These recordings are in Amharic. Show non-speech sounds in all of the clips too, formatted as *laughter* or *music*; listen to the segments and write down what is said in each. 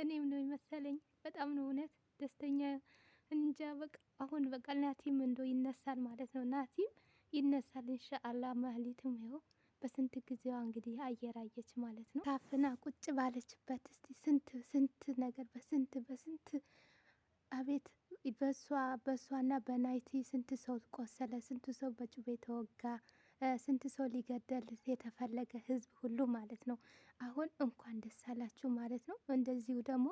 እኔም ነው የመሰለኝ። በጣም ነው እውነት ደስተኛ እንጃ። በቃ አሁን በቃ ናቲም እንደው ይነሳል ማለት ነው። ናቲም ይነሳል ኢንሻአላህ። ማህሊትም ይኸው በስንት ጊዜዋ እንግዲህ አየራየች ማለት ነው። ታፍና ቁጭ ባለችበት እስቲ ስንት ስንት ነገር በስንት በስንት አቤት በሷ በሷና በናይቲ ስንት ሰው ቆሰለ፣ ስንት ሰው በጩቤ ተወጋ። ስንት ሰው ሊገደል የተፈለገ ህዝብ ሁሉ ማለት ነው። አሁን እንኳን ደስ አላችሁ ማለት ነው። እንደዚሁ ደግሞ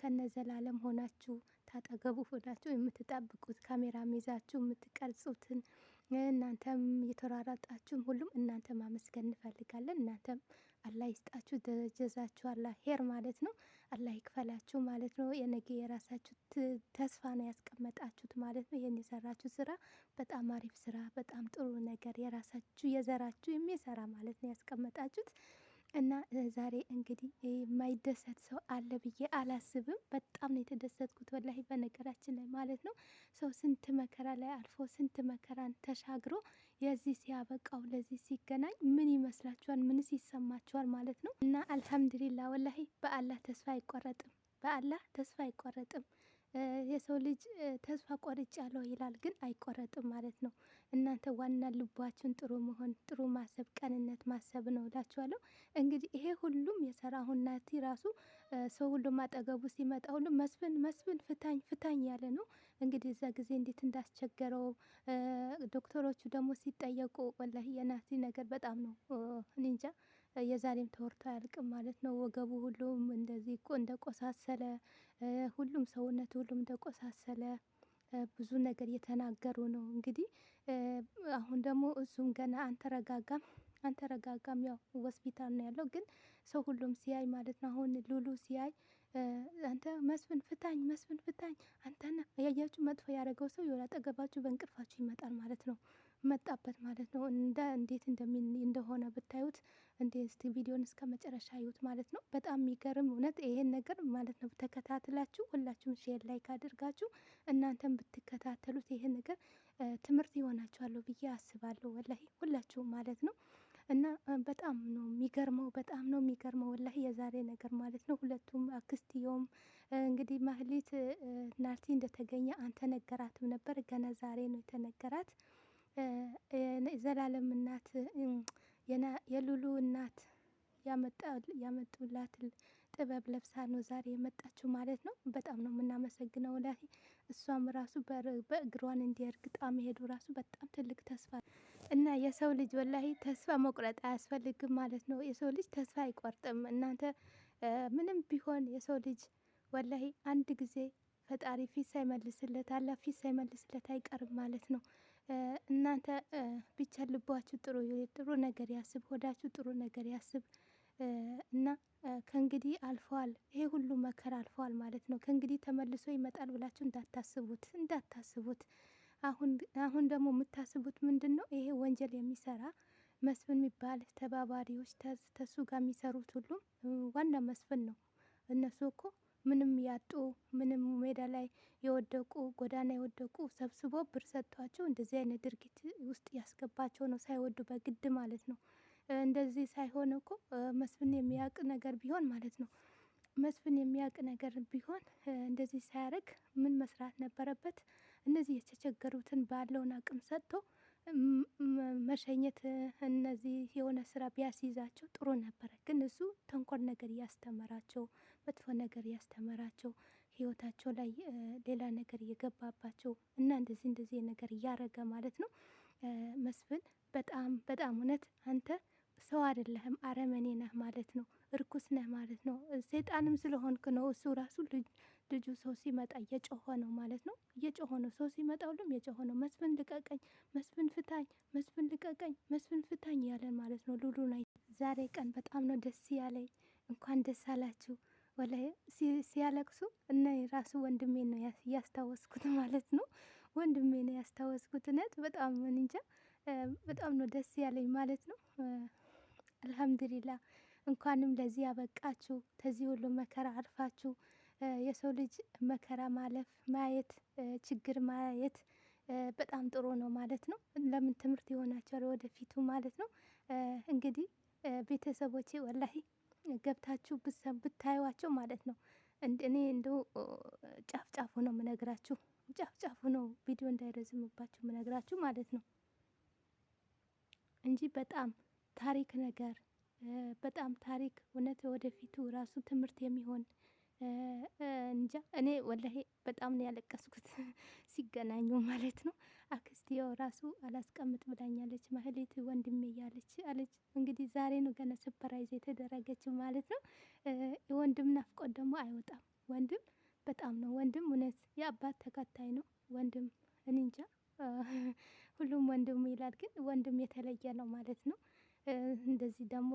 ከነዘላለም ሆናችሁ ታጠገቡ ሆናችሁ የምትጠብቁት ካሜራ ይዛችሁ የምትቀርጹትን እናንተም እየተሯሯጣችሁም ሁሉም እናንተ ማመስገን እንፈልጋለን እናንተም አላህ ይስጣችሁ፣ ደረጀዛችሁ አላህ ሄር ማለት ነው። አላህ ይክፈላችሁ ማለት ነው። የነገ የራሳችሁ ተስፋ ነው ያስቀመጣችሁት ማለት ነው። ይህን የሰራችሁ ስራ በጣም አሪፍ ስራ፣ በጣም ጥሩ ነገር የራሳችሁ የዘራችሁ የሚሰራ ማለት ነው ያስቀመጣችሁት እና ዛሬ እንግዲህ የማይደሰት ሰው አለ ብዬ አላስብም። በጣም ነው የተደሰትኩት ወላሂ በነገራችን ላይ ማለት ነው። ሰው ስንት መከራ ላይ አልፎ ስንት መከራን ተሻግሮ የዚህ ሲያበቃው ለዚህ ሲገናኝ ምን ይመስላችኋል? ምንስ ይሰማችኋል ማለት ነው። እና አልሐምዱሊላ ወላሂ በአላህ ተስፋ አይቆረጥም። በአላህ ተስፋ አይቆረጥም። የሰው ልጅ ተስፋ ቆርጭ ያለው ይላል፣ ግን አይቆረጥም ማለት ነው። እናንተ ዋና ልባችን ጥሩ መሆን፣ ጥሩ ማሰብ፣ ቀንነት ማሰብ ነው እላችኋለሁ። እንግዲህ ይሄ ሁሉም የሰራ ናቲ ራሱ ሰው ሁሉም አጠገቡ ሲመጣ ሁሉም መስፍን መስፍን ፍታኝ ፍታኝ ያለ ነው። እንግዲህ እዛ ጊዜ እንዴት እንዳስቸገረው ዶክተሮቹ ደግሞ ሲጠየቁ ወላሂ የናቲ ነገር በጣም ነው እኔ እንጃ የዛሬም ተወርቶ አያልቅም ማለት ነው። ወገቡ ሁሉም እንደዚህ እንደቆሳሰለ፣ ሁሉም ሰውነት ሁሉም እንደቆሳሰለ ብዙ ነገር እየተናገሩ ነው። እንግዲህ አሁን ደግሞ እሱም ገና አንተረጋጋም አንተረጋጋም። ያው ሆስፒታል ነው ያለው፣ ግን ሰው ሁሉም ሲያይ ማለት ነው። አሁን ሉሉ ሲያይ አንተ መስፍን ፍታኝ፣ መስፍን ፍታኝ፣ አንተና እያያችሁ መጥፎ ያደረገው ሰው የሆነ አጠገባችሁ በእንቅልፋችሁ ይመጣል ማለት ነው። መጣበት ማለት ነው። እንደ እንዴት እንደሚን እንደሆነ ብታዩት እንዴ እስቲ ቪዲዮን እስከ መጨረሻ እዩት ማለት ነው። በጣም የሚገርም እውነት ይሄን ነገር ማለት ነው ተከታትላችሁ ሁላችሁም ሼር ላይክ አድርጋችሁ እናንተም ብትከታተሉት ይሄን ነገር ትምህርት ይሆናችኋለሁ ብዬ አስባለሁ። ወላሂ ሁላችሁም ማለት ነው። እና በጣም ነው የሚገርመው፣ በጣም ነው የሚገርመው ወላሂ የዛሬ ነገር ማለት ነው። ሁለቱም አክስትየውም እንግዲህ ማህሌት ናርቲ እንደተገኘ አንተ ነገራትም ነበር፣ ገና ዛሬ ነው የተነገራት። የዘላለም እናት የሉሉ እናት ያመጡላት ጥበብ ለብሳ ነው ዛሬ የመጣችው ማለት ነው። በጣም ነው የምናመሰግነው ላይ እሷም ራሱ በእግሯን እንዲርግጣ መሄዱ ራሱ በጣም ትልቅ ተስፋ እና የሰው ልጅ ወላሂ ተስፋ መቁረጥ አያስፈልግም ማለት ነው። የሰው ልጅ ተስፋ አይቆርጥም። እናንተ ምንም ቢሆን የሰው ልጅ ወላሂ አንድ ጊዜ ፈጣሪ ፊት ሳይመልስለት አላፊት ፊት ሳይመልስለት አይቀርም ማለት ነው። እናንተ ብቻ ልባችሁ ጥሩ ጥሩ ነገር ያስብ፣ ሆዳችሁ ጥሩ ነገር ያስብ እና ከእንግዲህ አልፈዋል፣ ይሄ ሁሉ መከራ አልፈዋል ማለት ነው። ከእንግዲህ ተመልሶ ይመጣል ብላችሁ እንዳታስቡት እንዳታስቡት። አሁን አሁን ደግሞ የምታስቡት ምንድን ነው? ይሄ ወንጀል የሚሰራ መስፍን የሚባል ተባባሪዎች፣ ተሱ ጋር የሚሰሩት ሁሉም ዋና መስፍን ነው። እነሱ እኮ ምንም ያጡ ምንም ሜዳ ላይ የወደቁ ጎዳና የወደቁ ሰብስቦ ብር ሰጥቷቸው እንደዚህ አይነት ድርጊት ውስጥ ያስገባቸው ነው፣ ሳይወዱ በግድ ማለት ነው። እንደዚህ ሳይሆን እኮ መስፍን የሚያውቅ ነገር ቢሆን ማለት ነው መስፍን የሚያውቅ ነገር ቢሆን እንደዚህ ሳያደርግ ምን መስራት ነበረበት? እነዚህ የተቸገሩትን ባለውን አቅም ሰጥቶ መሸኘት፣ እነዚህ የሆነ ስራ ቢያስይዛቸው ጥሩ ነበረ። ግን እሱ ተንኮል ነገር እያስተመራቸው መጥፎ ነገር ያስተማራቸው ህይወታቸው ላይ ሌላ ነገር እየገባባቸው እና እንደዚህ እንደዚህ ነገር እያረገ ማለት ነው። መስፍን በጣም በጣም እውነት አንተ ሰው አይደለህም፣ አረመኔ ነህ ማለት ነው። እርኩስ ነህ ማለት ነው። ሴጣንም ስለሆንክ ነው። እሱ ራሱ ልጁ ሰው ሲመጣ እየጮኸ ነው ማለት ነው። እየጮኸ ነው ሰው ሲመጣ ሁሉም እየጮኸ ነው። መስፍን ልቀቀኝ፣ መስፍን ፍታኝ፣ መስፍን ልቀቀኝ፣ መስፍን ፍታኝ ያለን ማለት ነው። ሉሉ ሉሉና ዛሬ ቀን በጣም ነው ደስ ያለኝ። እንኳን ደስ አላችሁ። ወላ ሲያለቅሱ እና የራሱ ወንድሜ ነው እያስታወስኩት *laughs* ማለት ነው። ወንድሜ ነው ያስታወስኩት። እውነት በጣም እንጃ በጣም ነው ደስ ያለኝ ማለት ነው። አልሐምዱሊላ እንኳንም ለዚህ ያበቃችሁ። ከዚህ ሁሉ መከራ አልፋችሁ የሰው ልጅ መከራ ማለፍ ማየት፣ ችግር ማየት በጣም ጥሩ ነው ማለት ነው። ለምን ትምህርት ይሆናቸዋል ወደፊቱ ማለት ነው። እንግዲህ ቤተሰቦቼ ወላሂ ገብታችሁ ብታዩዋቸው ማለት ነው። እኔ እንደው ጫፍ ጫፉ ነው ምነግራችሁ፣ ጫፍ ጫፉ ነው ቪዲዮ እንዳይረዝምባችሁ ምነግራችሁ ማለት ነው እንጂ በጣም ታሪክ ነገር በጣም ታሪክ እውነት ወደፊቱ ራሱ ትምህርት የሚሆን እንጃ እኔ ወላሄ በጣም ነው ያለቀስኩት *laughs* ሲገናኙ ማለት ነው። አክስቴው ራሱ አላስቀምጥ ብላኛለች ማህሌት ወንድሜ እያለች አለች። እንግዲህ ዛሬ ነው ገና ስፐራይዝ የተደረገች ማለት ነው። የወንድም ናፍቆት ደግሞ አይወጣም። ወንድም በጣም ነው ወንድም እውነት የአባት ተከታይ ነው ወንድም። እኔ እንጃ ሁሉም ወንድም ይላል፣ ግን ወንድም የተለየ ነው ማለት ነው። እንደዚህ ደግሞ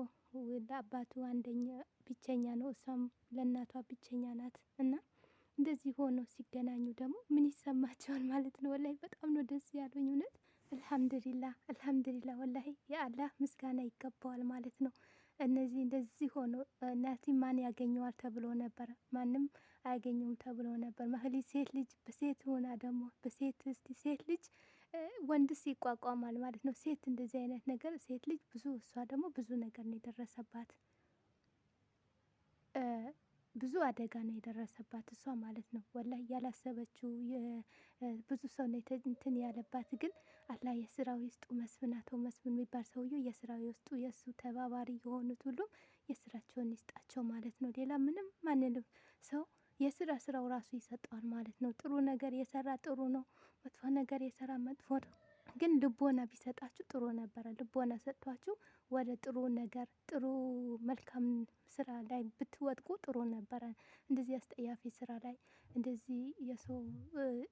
ለአባቱ አንደኛ ብቸኛ ነው፣ እሷም ለእናቷ ብቸኛ ናት እና እንደዚህ ሆኖ ሲገናኙ ደግሞ ምን ይሰማቸዋል ማለት ነው። ወላሂ በጣም ነው ደስ ያለኝ እውነት። አልሐምዱሊላ አልሐምዱሊላ፣ ወላሂ የአላህ ምስጋና ይገባዋል ማለት ነው። እነዚህ እንደዚህ ሆኖ እናቲ ማን ያገኘዋል ተብሎ ነበር። ማንም አያገኘውም ተብሎ ነበር። ማህሊ ሴት ልጅ በሴት ሆና ደግሞ በሴት ሴት ልጅ ወንድስ ይቋቋማል ማለት ነው። ሴት እንደዚህ አይነት ነገር ሴት ልጅ ብዙ እሷ ደግሞ ብዙ ነገር ነው የደረሰባት፣ ብዙ አደጋ ነው የደረሰባት እሷ ማለት ነው። ወላሂ ያላሰበችው ብዙ ሰው ነው እንትን ያለባት። ግን አላህ የስራው ውስጡ መስፍናተው መስፍን የሚባል ሰውዬው የስራው ውስጡ የእሱ ተባባሪ የሆኑት ሁሉም የስራቸውን ይስጣቸው ማለት ነው። ሌላ ምንም ማንንም ሰው የስራ ስራው ራሱ ይሰጠዋል ማለት ነው። ጥሩ ነገር የሰራ ጥሩ ነው፣ መጥፎ ነገር የሰራ መጥፎ ነው። ግን ልቦና ቢሰጣችሁ ጥሩ ነበረ። ልቦና ሰጥቷችሁ ወደ ጥሩ ነገር ጥሩ መልካም ስራ ላይ ብትወድቁ ጥሩ ነበረ። እንደዚህ አስጠያፊ ስራ ላይ እንደዚህ የሰው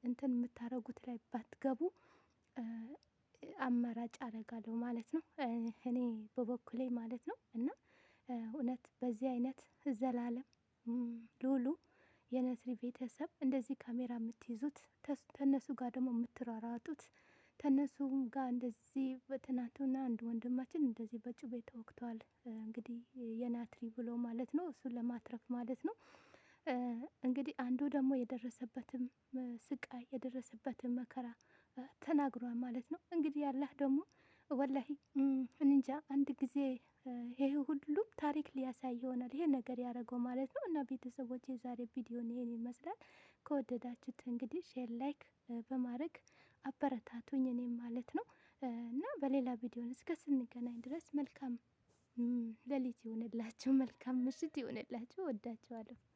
እንትን የምታደርጉት ላይ ባትገቡ አማራጭ አደርጋለሁ ማለት ነው። እኔ በበኩሌ ማለት ነው እና እውነት በዚህ አይነት ዘላለም ሉሉ የነስሪ ቤተሰብ እንደዚህ ካሜራ የምትይዙት ተነሱ ጋር ደግሞ የምትሯሯጡት ተነሱ ጋር እንደዚህ በትናንትና አንድ ወንድማችን እንደዚህ በጩቤ ተወግቷል። እንግዲህ የናትሪ ብሎ ማለት ነው እሱን ለማትረፍ ማለት ነው። እንግዲህ አንዱ ደግሞ የደረሰበትም ስቃይ የደረሰበትን መከራ ተናግሯል ማለት ነው። እንግዲህ ያላህ ደግሞ ወላሂ እንጃ አንድ ጊዜ ይሄ ሁሉም ታሪክ ሊያሳይ ይሆናል ይሄ ነገር ያደረገው ማለት ነው። እና ቤተሰቦች የዛሬ ቪዲዮን ይሄን ይመስላል። ከወደዳችሁት እንግዲህ ሼር፣ ላይክ በማድረግ አበረታቱኝ እኔም ማለት ነው። እና በሌላ ቪዲዮን እስከ ስንገናኝ ድረስ መልካም ሌሊት ይሆንላችሁ፣ መልካም ምሽት ይሆንላችሁ። ወዳችኋለሁ።